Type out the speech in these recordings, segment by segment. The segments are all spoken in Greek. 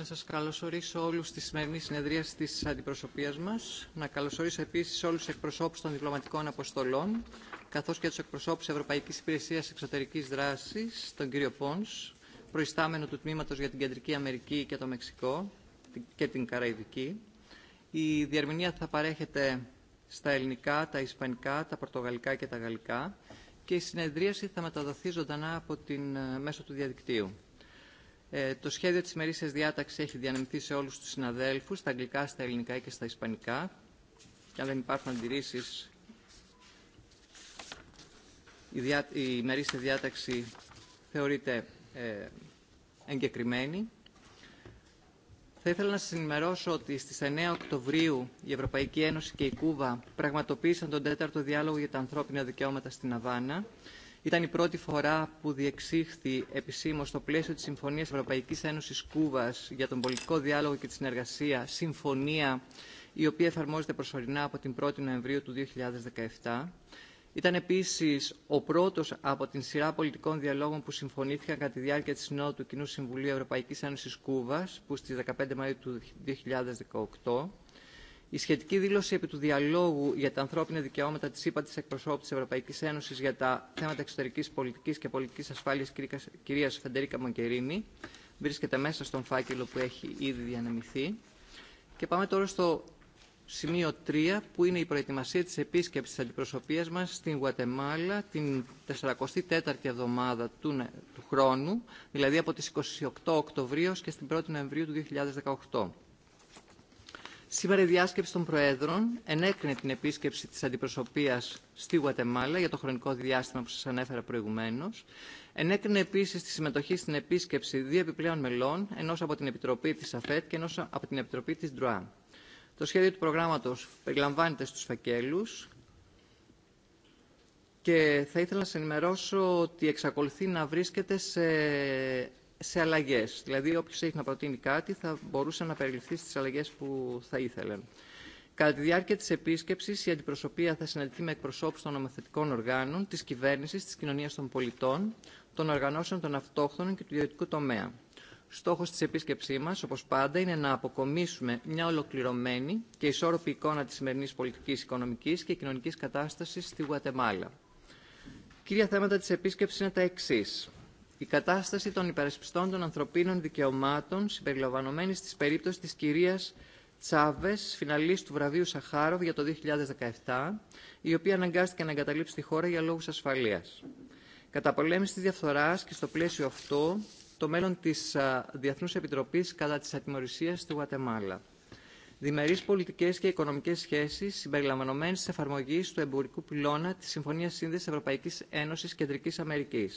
Να σας καλωσορίσω όλους στη σημερινή συνεδρία της αντιπροσωπείας μας. Να καλωσορίσω επίσης όλους τους εκπροσώπους των διπλωματικών αποστολών, καθώς και τους εκπροσώπους Ευρωπαϊκής Υπηρεσίας Εξωτερικής Δράσης, τον κύριο Πόνς, προϊστάμενο του Τμήματος για την Κεντρική Αμερική και το Μεξικό και την Καραϊβική. Η διαρμηνία θα παρέχεται στα ελληνικά, τα ισπανικά, τα πορτογαλικά και τα γαλλικά και η συνεδρίαση θα μεταδοθεί ζωντανά από την, μέσω του διαδικτύου. Ε, το σχέδιο της ημερήσιας διάταξης έχει διανεμηθεί σε όλους τους συναδέλφους, στα αγγλικά, στα ελληνικά και στα ισπανικά. Και αν δεν υπάρχουν αντιρρήσεις, η, διά, η ημερήσια διάταξη θεωρείται ε, εγκεκριμένη. Θα ήθελα να σας ενημερώσω ότι στις 9 Οκτωβρίου η Ευρωπαϊκή Ένωση και η Κούβα πραγματοποίησαν τον τέταρτο διάλογο για τα ανθρώπινα δικαιώματα στην Αβάνα ήταν η πρώτη φορά που διεξήχθη επισήμω στο πλαίσιο τη Συμφωνία Ευρωπαϊκή Ένωση Κούβα για τον πολιτικό διάλογο και τη συνεργασία συμφωνία η οποία εφαρμόζεται προσωρινά από την 1η Νοεμβρίου του 2017. Ήταν επίση ο πρώτο από την σειρά πολιτικών διαλόγων που συμφωνήθηκαν κατά τη διάρκεια τη Συνόδου του Κοινού Συμβουλίου Ευρωπαϊκή Ένωση Κούβα, που στι 15 Μαου του 2018 η σχετική δήλωση επί του διαλόγου για τα ανθρώπινα δικαιώματα τη ΥΠΑ τη εκπροσώπου τη Ευρωπαϊκή Ένωση για τα θέματα εξωτερική πολιτική και πολιτική ασφάλεια κυρία Φεντερίκα Μογκερίνη βρίσκεται μέσα στον φάκελο που έχει ήδη διανεμηθεί. Και πάμε τώρα στο σημείο 3, που είναι η προετοιμασία τη επίσκεψη της αντιπροσωπείας μας στην Γουατεμάλα την 44η εβδομάδα του, του χρόνου, δηλαδή από τι 28 Οκτωβρίου και στην 1η Νοεμβρίου του 2018. Σήμερα η διάσκεψη των Προέδρων ενέκρινε την επίσκεψη της αντιπροσωπείας στη Γουατεμάλα για το χρονικό διάστημα που σας ανέφερα προηγουμένως. Ενέκρινε επίσης τη συμμετοχή στην επίσκεψη δύο επιπλέον μελών, ενός από την Επιτροπή της ΑΦΕΤ και ενός από την Επιτροπή της ΔΡΟΑ. Το σχέδιο του προγράμματος περιλαμβάνεται στους φακέλους και θα ήθελα να σας ενημερώσω ότι εξακολουθεί να βρίσκεται σε σε αλλαγέ. Δηλαδή, όποιο έχει να προτείνει κάτι θα μπορούσε να περιληφθεί στι αλλαγέ που θα ήθελε. Κατά τη διάρκεια τη επίσκεψη, η αντιπροσωπεία θα συναντηθεί με εκπροσώπου των νομοθετικών οργάνων, τη κυβέρνηση, τη κοινωνία των πολιτών, των οργανώσεων των αυτόχθονων και του ιδιωτικού τομέα. Στόχο τη επίσκεψή μα, όπω πάντα, είναι να αποκομίσουμε μια ολοκληρωμένη και ισόρροπη εικόνα τη σημερινή πολιτική, οικονομική και κοινωνική κατάσταση στη Γουατεμάλα. Κύρια θέματα τη επίσκεψη είναι τα εξή η κατάσταση των υπερασπιστών των ανθρωπίνων δικαιωμάτων συμπεριλαμβανομένη τη περίπτωση τη κυρία Τσάβε, φιναλίστ του βραβείου Σαχάροβ για το 2017, η οποία αναγκάστηκε να εγκαταλείψει τη χώρα για λόγου ασφαλεία. Καταπολέμηση τη διαφθορά και στο πλαίσιο αυτό το μέλλον τη Διεθνού Επιτροπή κατά τη Ατιμορρησία του Γουατεμάλα. Διμερεί πολιτικέ και οικονομικέ σχέσει συμπεριλαμβανομένε τη εφαρμογή του εμπορικού πυλώνα τη Συμφωνία Σύνδεση Ευρωπαϊκή Ένωση Κεντρική Αμερική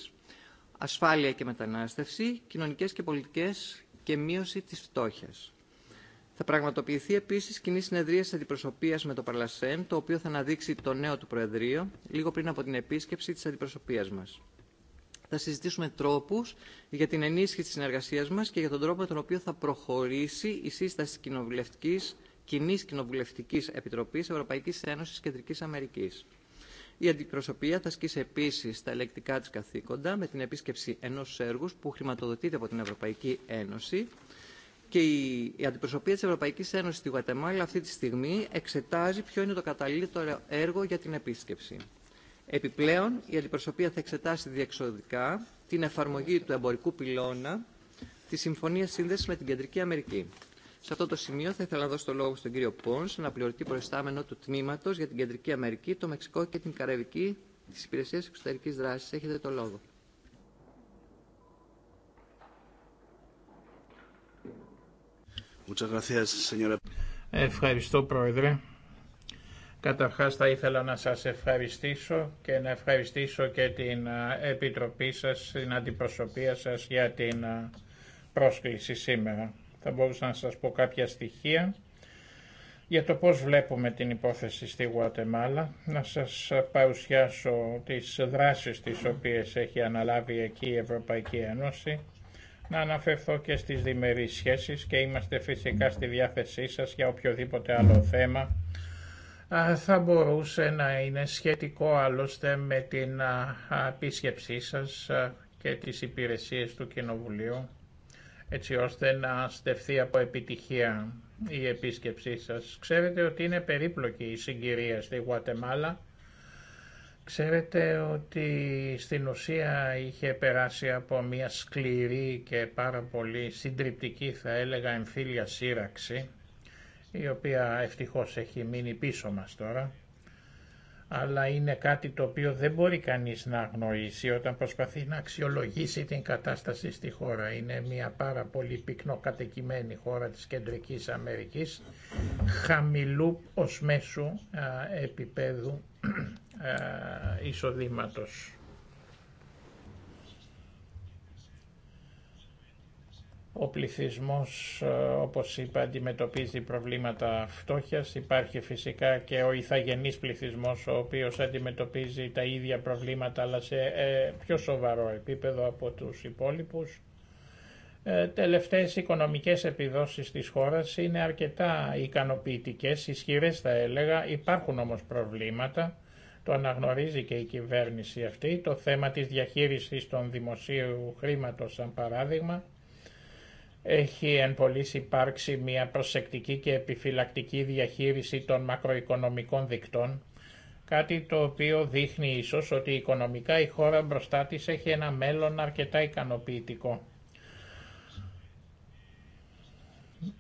ασφάλεια και μετανάστευση, κοινωνικές και πολιτικές και μείωση της φτώχειας. Θα πραγματοποιηθεί επίση κοινή συνεδρία αντιπροσωπεία με το Παρλασέν, το οποίο θα αναδείξει το νέο του Προεδρείο, λίγο πριν από την επίσκεψη τη αντιπροσωπεία μα. Θα συζητήσουμε τρόπου για την ενίσχυση τη συνεργασία μα και για τον τρόπο με τον οποίο θα προχωρήσει η σύσταση κοινοβουλευτική κοινή κοινοβουλευτική επιτροπή Ευρωπαϊκή Ένωση Κεντρική Αμερική. Η αντιπροσωπεία θα ασκήσει επίση τα ελεκτικά τη καθήκοντα με την επίσκεψη ενό έργου που χρηματοδοτείται από την Ευρωπαϊκή Ένωση. Και η αντιπροσωπεία της Ευρωπαϊκής Ένωσης στη Γουατεμάλα αυτή τη στιγμή εξετάζει ποιο είναι το καταλήτωρο έργο για την επίσκεψη. Επιπλέον, η αντιπροσωπεία θα εξετάσει διεξοδικά την εφαρμογή του εμπορικού πυλώνα τη συμφωνία σύνδεση με την Κεντρική Αμερική. Σε αυτό το σημείο θα ήθελα να δώσω το λόγο στον κύριο Πόνς, αναπληρωτή προϊστάμενο του Τμήματος για την Κεντρική Αμερική, το Μεξικό και την Καραϊβική της Υπηρεσίας Εξωτερικής Δράσης. Έχετε το λόγο. Ευχαριστώ Πρόεδρε. Καταρχάς θα ήθελα να σας ευχαριστήσω και να ευχαριστήσω και την Επιτροπή σας, την αντιπροσωπεία σας για την πρόσκληση σήμερα θα μπορούσα να σας πω κάποια στοιχεία για το πώς βλέπουμε την υπόθεση στη Γουατεμάλα, να σας παρουσιάσω τις δράσεις τις οποίες έχει αναλάβει εκεί η Ευρωπαϊκή Ένωση, να αναφερθώ και στις διμερείς σχέσεις και είμαστε φυσικά στη διάθεσή σας για οποιοδήποτε άλλο θέμα θα μπορούσε να είναι σχετικό άλλωστε με την επίσκεψή σας και τις υπηρεσίες του Κοινοβουλίου έτσι ώστε να στεφθεί από επιτυχία η επίσκεψή σας. Ξέρετε ότι είναι περίπλοκη η συγκυρία στη Γουατεμάλα. Ξέρετε ότι στην ουσία είχε περάσει από μια σκληρή και πάρα πολύ συντριπτική θα έλεγα εμφύλια σύραξη η οποία ευτυχώς έχει μείνει πίσω μας τώρα αλλά είναι κάτι το οποίο δεν μπορεί κανείς να αγνοήσει όταν προσπαθεί να αξιολογήσει την κατάσταση στη χώρα. Είναι μια πάρα πολύ πυκνοκατοικημένη χώρα της Κεντρικής Αμερικής, χαμηλού ως μέσου επίπεδου α, Ο πληθυσμός, ε, όπως είπα, αντιμετωπίζει προβλήματα φτώχειας. Υπάρχει φυσικά και ο ηθαγενής πληθυσμός, ο οποίος αντιμετωπίζει τα ίδια προβλήματα, αλλά σε ε, πιο σοβαρό επίπεδο από τους υπόλοιπους. Ε, τελευταίες οικονομικές επιδόσεις της χώρας είναι αρκετά ικανοποιητικές, ισχυρές θα έλεγα. Υπάρχουν όμως προβλήματα. Το αναγνωρίζει και η κυβέρνηση αυτή. Το θέμα της διαχείρισης των δημοσίου χρήματος, σαν παράδειγμα, έχει εν πολλής υπάρξει μια προσεκτική και επιφυλακτική διαχείριση των μακροοικονομικών δικτών, κάτι το οποίο δείχνει ίσως ότι οικονομικά η χώρα μπροστά της έχει ένα μέλλον αρκετά ικανοποιητικό.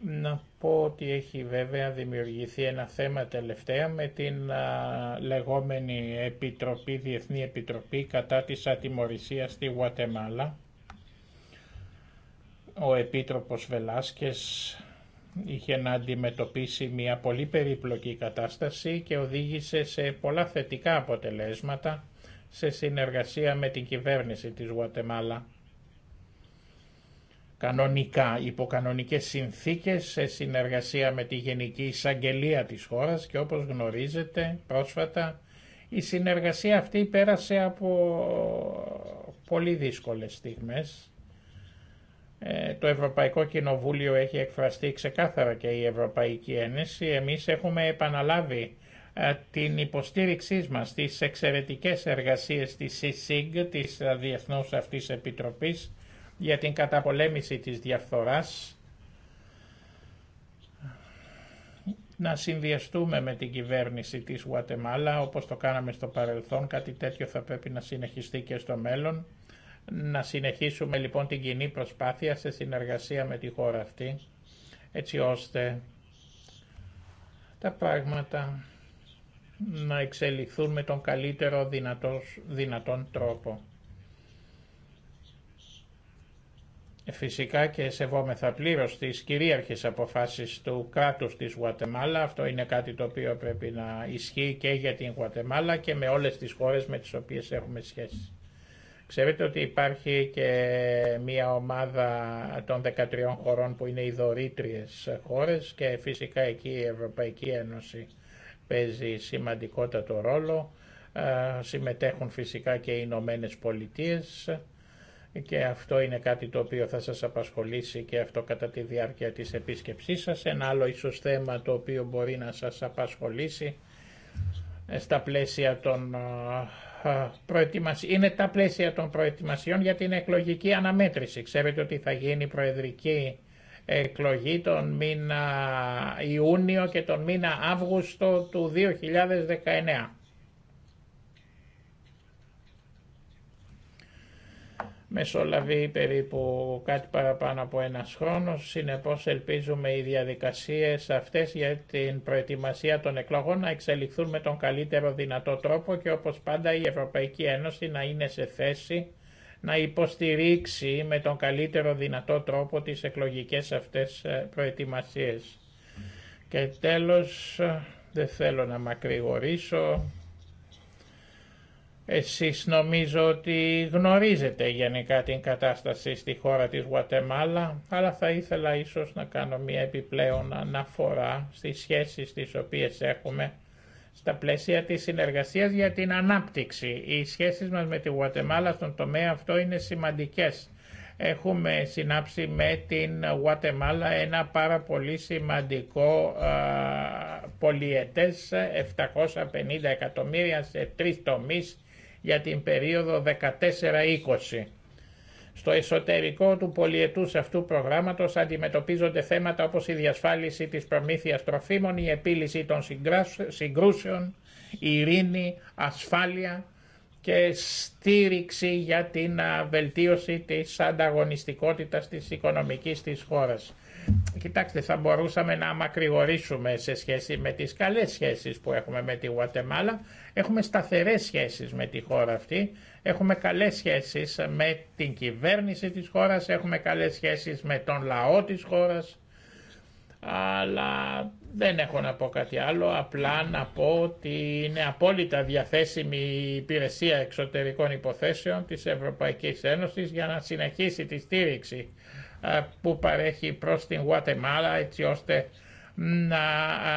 Να πω ότι έχει βέβαια δημιουργηθεί ένα θέμα τελευταία με την λεγόμενη Επιτροπή, Διεθνή Επιτροπή κατά της ατιμορρησίας στη Γουατεμάλα ο Επίτροπος Βελάσκες είχε να αντιμετωπίσει μια πολύ περίπλοκη κατάσταση και οδήγησε σε πολλά θετικά αποτελέσματα σε συνεργασία με την κυβέρνηση της Γουατεμάλα. Κανονικά, υπό συνθήκες, σε συνεργασία με τη Γενική Εισαγγελία της χώρας και όπως γνωρίζετε πρόσφατα, η συνεργασία αυτή πέρασε από πολύ δύσκολες στιγμές ε, το Ευρωπαϊκό Κοινοβούλιο έχει εκφραστεί ξεκάθαρα και η Ευρωπαϊκή Ένωση. Εμείς έχουμε επαναλάβει ε, την υποστήριξή μας στις εξαιρετικές εργασίες της ΣΥΣΥΓ, της ε, Διεθνούς Αυτής Επιτροπής, για την καταπολέμηση της διαφθοράς, να συνδυαστούμε με την κυβέρνηση της Γουατεμάλα, όπως το κάναμε στο παρελθόν, κάτι τέτοιο θα πρέπει να συνεχιστεί και στο μέλλον, να συνεχίσουμε λοιπόν την κοινή προσπάθεια σε συνεργασία με τη χώρα αυτή, έτσι ώστε τα πράγματα να εξελιχθούν με τον καλύτερο δυνατός, δυνατόν τρόπο. Φυσικά και σεβόμεθα πλήρως τις κυρίαρχες αποφάσεις του κράτους της Γουατεμάλα. Αυτό είναι κάτι το οποίο πρέπει να ισχύει και για την Γουατεμάλα και με όλες τις χώρες με τις οποίες έχουμε σχέση. Ξέρετε ότι υπάρχει και μια ομάδα των 13 χωρών που είναι οι δωρήτριες χώρες και φυσικά εκεί η Ευρωπαϊκή Ένωση παίζει σημαντικότατο ρόλο. Συμμετέχουν φυσικά και οι Ηνωμένε Πολιτείε και αυτό είναι κάτι το οποίο θα σας απασχολήσει και αυτό κατά τη διάρκεια της επίσκεψής σας. Ένα άλλο ίσως θέμα το οποίο μπορεί να σας απασχολήσει ε, στα πλαίσια των ε, είναι τα πλαίσια των προετοιμασιών για την εκλογική αναμέτρηση. Ξέρετε ότι θα γίνει προεδρική εκλογή τον μήνα Ιούνιο και τον μήνα Αύγουστο του 2019. μεσολαβεί περίπου κάτι παραπάνω από ένα χρόνο. συνεπώς ελπίζουμε οι διαδικασίες αυτές για την προετοιμασία των εκλογών να εξελιχθούν με τον καλύτερο δυνατό τρόπο και όπως πάντα η Ευρωπαϊκή Ένωση να είναι σε θέση να υποστηρίξει με τον καλύτερο δυνατό τρόπο τις εκλογικές αυτές ε, προετοιμασίες. Και τέλος, ε, δεν θέλω να μακρηγορήσω, εσείς νομίζω ότι γνωρίζετε γενικά την κατάσταση στη χώρα της Γουατεμάλα, αλλά θα ήθελα ίσως να κάνω μια επιπλέον αναφορά στις σχέσεις τις οποίες έχουμε στα πλαίσια της συνεργασίας για την ανάπτυξη. Οι σχέσεις μας με τη Γουατεμάλα στον τομέα αυτό είναι σημαντικές. Έχουμε συνάψει με την Γουατεμάλα ένα πάρα πολύ σημαντικό α, πολιετές 750 εκατομμύρια σε τρεις τομείς για την περίοδο 14-20. Στο εσωτερικό του πολιετούς αυτού προγράμματος αντιμετωπίζονται θέματα όπως η διασφάλιση της προμήθειας τροφίμων, η επίλυση των συγκρούσεων, η ειρήνη, ασφάλεια και στήριξη για την βελτίωση της ανταγωνιστικότητας της οικονομικής της χώρας. Κοιτάξτε, θα μπορούσαμε να αμακρηγορήσουμε σε σχέση με τις καλές σχέσεις που έχουμε με τη Γουατεμάλα. Έχουμε σταθερές σχέσεις με τη χώρα αυτή. Έχουμε καλές σχέσεις με την κυβέρνηση της χώρας. Έχουμε καλές σχέσεις με τον λαό της χώρας. Αλλά δεν έχω να πω κάτι άλλο. Απλά να πω ότι είναι απόλυτα διαθέσιμη η υπηρεσία εξωτερικών υποθέσεων της Ευρωπαϊκής Ένωσης για να συνεχίσει τη στήριξη ε, που παρέχει προς την Γουατεμάλα έτσι ώστε να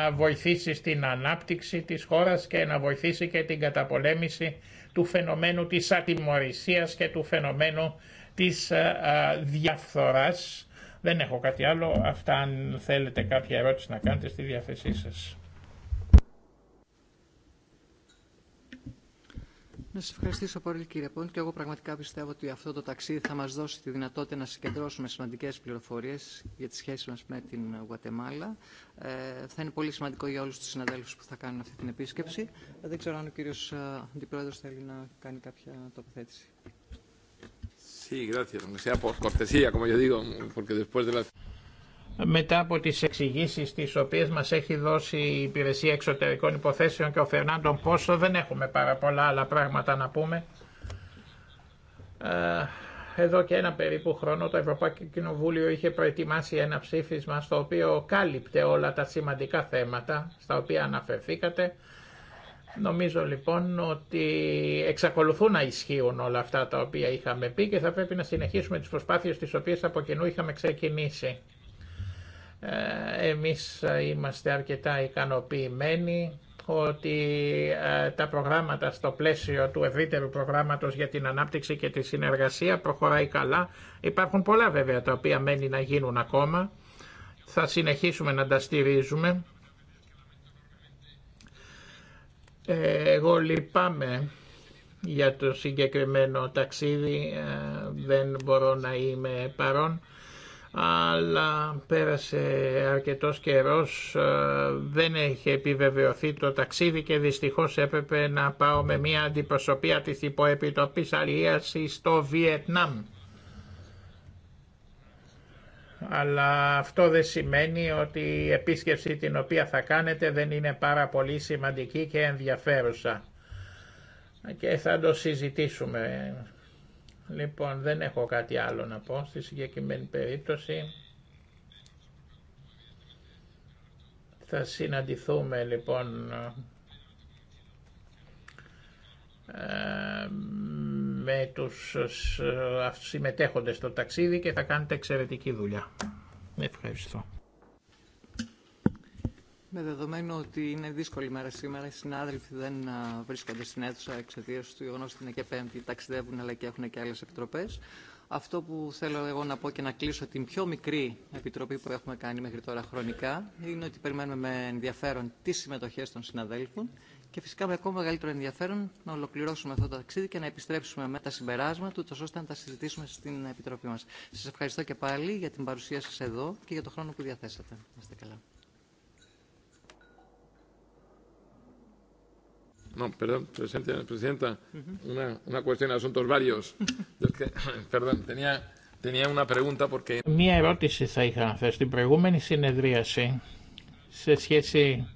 ε, βοηθήσει στην ανάπτυξη της χώρας και να βοηθήσει και την καταπολέμηση του φαινομένου της ατιμορρησίας και του φαινομένου της ε, διαφθοράς. Δεν έχω κάτι άλλο. Αυτά αν θέλετε κάποια ερώτηση να κάνετε στη διάθεσή σας. Να σα ευχαριστήσω πολύ κύριε Πόντ και εγώ πραγματικά πιστεύω ότι αυτό το ταξίδι θα μα δώσει τη δυνατότητα να συγκεντρώσουμε σημαντικέ πληροφορίε για τη σχέση μα με την Γουατεμάλα. Ε, θα είναι πολύ σημαντικό για όλου του συναδέλφου που θα κάνουν αυτή την επίσκεψη. Δεν ξέρω αν ο κύριο ε, Αντιπρόεδρο θέλει να κάνει κάποια τοποθέτηση μετά από τις εξηγήσει τις οποίες μας έχει δώσει η Υπηρεσία Εξωτερικών Υποθέσεων και ο Φερνάντον Πόσο δεν έχουμε πάρα πολλά άλλα πράγματα να πούμε. Ε, εδώ και ένα περίπου χρόνο το Ευρωπαϊκό Κοινοβούλιο είχε προετοιμάσει ένα ψήφισμα στο οποίο κάλυπτε όλα τα σημαντικά θέματα στα οποία αναφερθήκατε. Νομίζω λοιπόν ότι εξακολουθούν να ισχύουν όλα αυτά τα οποία είχαμε πει και θα πρέπει να συνεχίσουμε τις προσπάθειες τις οποίες από κοινού είχαμε ξεκινήσει. Ε, εμείς ε, είμαστε αρκετά ικανοποιημένοι ότι ε, τα προγράμματα στο πλαίσιο του ευρύτερου προγράμματος για την ανάπτυξη και τη συνεργασία προχωράει καλά. Υπάρχουν πολλά βέβαια τα οποία μένει να γίνουν ακόμα. Θα συνεχίσουμε να τα στηρίζουμε. Εγώ λυπάμαι για το συγκεκριμένο ταξίδι, δεν μπορώ να είμαι παρόν αλλά πέρασε αρκετός καιρός, ε, δεν είχε επιβεβαιωθεί το ταξίδι και δυστυχώς έπρεπε να πάω με μια αντιπροσωπεία της υποεπιτροπής αλληλείας στο Βιετνάμ. Αλλά αυτό δεν σημαίνει ότι η επίσκεψη την οποία θα κάνετε δεν είναι πάρα πολύ σημαντική και ενδιαφέρουσα. Και θα το συζητήσουμε Λοιπόν, δεν έχω κάτι άλλο να πω στη συγκεκριμένη περίπτωση. Θα συναντηθούμε λοιπόν ε, με τους συμμετέχοντες στο ταξίδι και θα κάνετε εξαιρετική δουλειά. Ευχαριστώ. Με δεδομένο ότι είναι δύσκολη μέρα σήμερα, οι συνάδελφοι δεν βρίσκονται στην αίθουσα εξαιτία του γεγονό ότι είναι και Πέμπτη, ταξιδεύουν αλλά και έχουν και άλλε επιτροπέ. Αυτό που θέλω εγώ να πω και να κλείσω την πιο μικρή επιτροπή που έχουμε κάνει μέχρι τώρα χρονικά είναι ότι περιμένουμε με ενδιαφέρον τι συμμετοχέ των συναδέλφων και φυσικά με ακόμα μεγαλύτερο ενδιαφέρον να ολοκληρώσουμε αυτό το ταξίδι και να επιστρέψουμε με τα συμπεράσματα, ούτω ώστε να τα συζητήσουμε στην Επιτροπή μα. Σα ευχαριστώ και πάλι για την παρουσία σα εδώ και για τον χρόνο που διαθέσατε. Είμαστε καλά. Μία ερώτηση θα είχα να θέσω στην προηγούμενη συνεδρίαση σε σχέση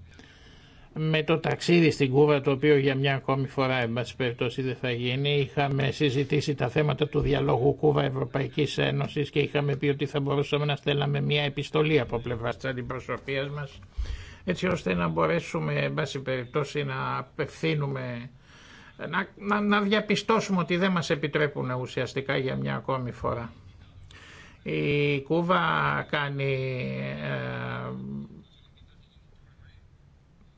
με το ταξίδι στην Κούβα, το οποίο για μια ακόμη φορά, εν πάση περιπτώσει, δεν θα γίνει. Είχαμε συζητήσει τα θέματα του διαλόγου Κούβα-Ευρωπαϊκή Ένωση και είχαμε πει ότι θα μπορούσαμε να στέλναμε μια επιστολή από πλευρά τη αντιπροσωπεία μα έτσι ώστε να μπορέσουμε, εν πάση περιπτώσει, να απευθύνουμε, να, να, να διαπιστώσουμε ότι δεν μας επιτρέπουν ουσιαστικά για μια ακόμη φορά. Η Κούβα κάνει ε,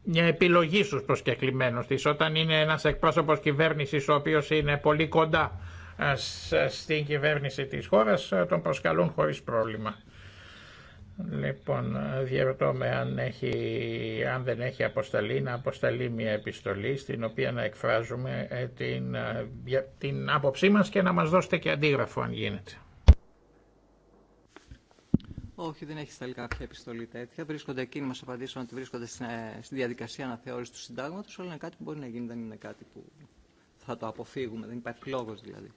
μια επιλογή στους προσκεκλημένους της. Όταν είναι ένας εκπρόσωπος κυβέρνησης ο οποίος είναι πολύ κοντά ε, στην κυβέρνηση της χώρας, ε, τον προσκαλούν χωρίς πρόβλημα. Λοιπόν, διαρωτώ με αν, έχει, αν δεν έχει αποσταλεί, να αποσταλεί μια επιστολή στην οποία να εκφράζουμε ε, την, ε, την άποψή μας και να μας δώσετε και αντίγραφο αν γίνεται. Όχι, δεν έχει σταλεί κάποια επιστολή τέτοια. Βρίσκονται εκείνοι μα απαντήσουν ότι βρίσκονται ε, στη διαδικασία αναθεώρηση του συντάγματο, αλλά είναι κάτι που μπορεί να γίνει, δεν είναι κάτι που θα το αποφύγουμε. Δεν υπάρχει λόγο δηλαδή.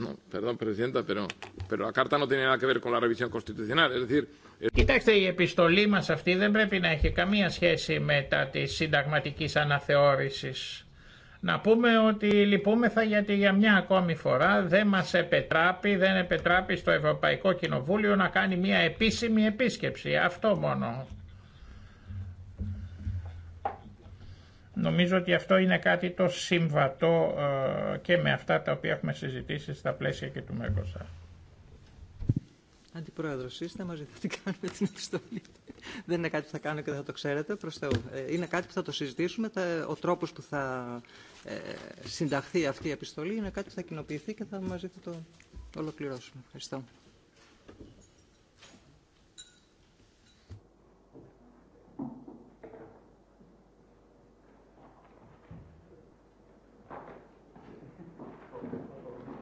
No, perdón, presidenta, pero, pero la carta no tiene nada que Κοιτάξτε, η επιστολή μας αυτή δεν πρέπει να έχει καμία σχέση μετά τη συνταγματική αναθεώρηση. Να πούμε ότι λυπούμεθα γιατί για μια ακόμη φορά δεν μας επετράπει, δεν επετράπει στο Ευρωπαϊκό Κοινοβούλιο να κάνει μια επίσημη επίσκεψη. Αυτό μόνο. Νομίζω ότι αυτό είναι κάτι το συμβατό ε, και με αυτά τα οποία έχουμε συζητήσει στα πλαίσια και του ΜΕΚΟΣΑ. Αντιπρόεδρο, είστε μαζί, θα την κάνουμε την επιστολή. Δεν είναι κάτι που θα κάνω και δεν θα το ξέρετε, Θεού. Ε, είναι κάτι που θα το συζητήσουμε. Ο τρόπο που θα ε, συνταχθεί αυτή η επιστολή είναι κάτι που θα κοινοποιηθεί και θα μαζί θα το ολοκληρώσουμε. Ευχαριστώ.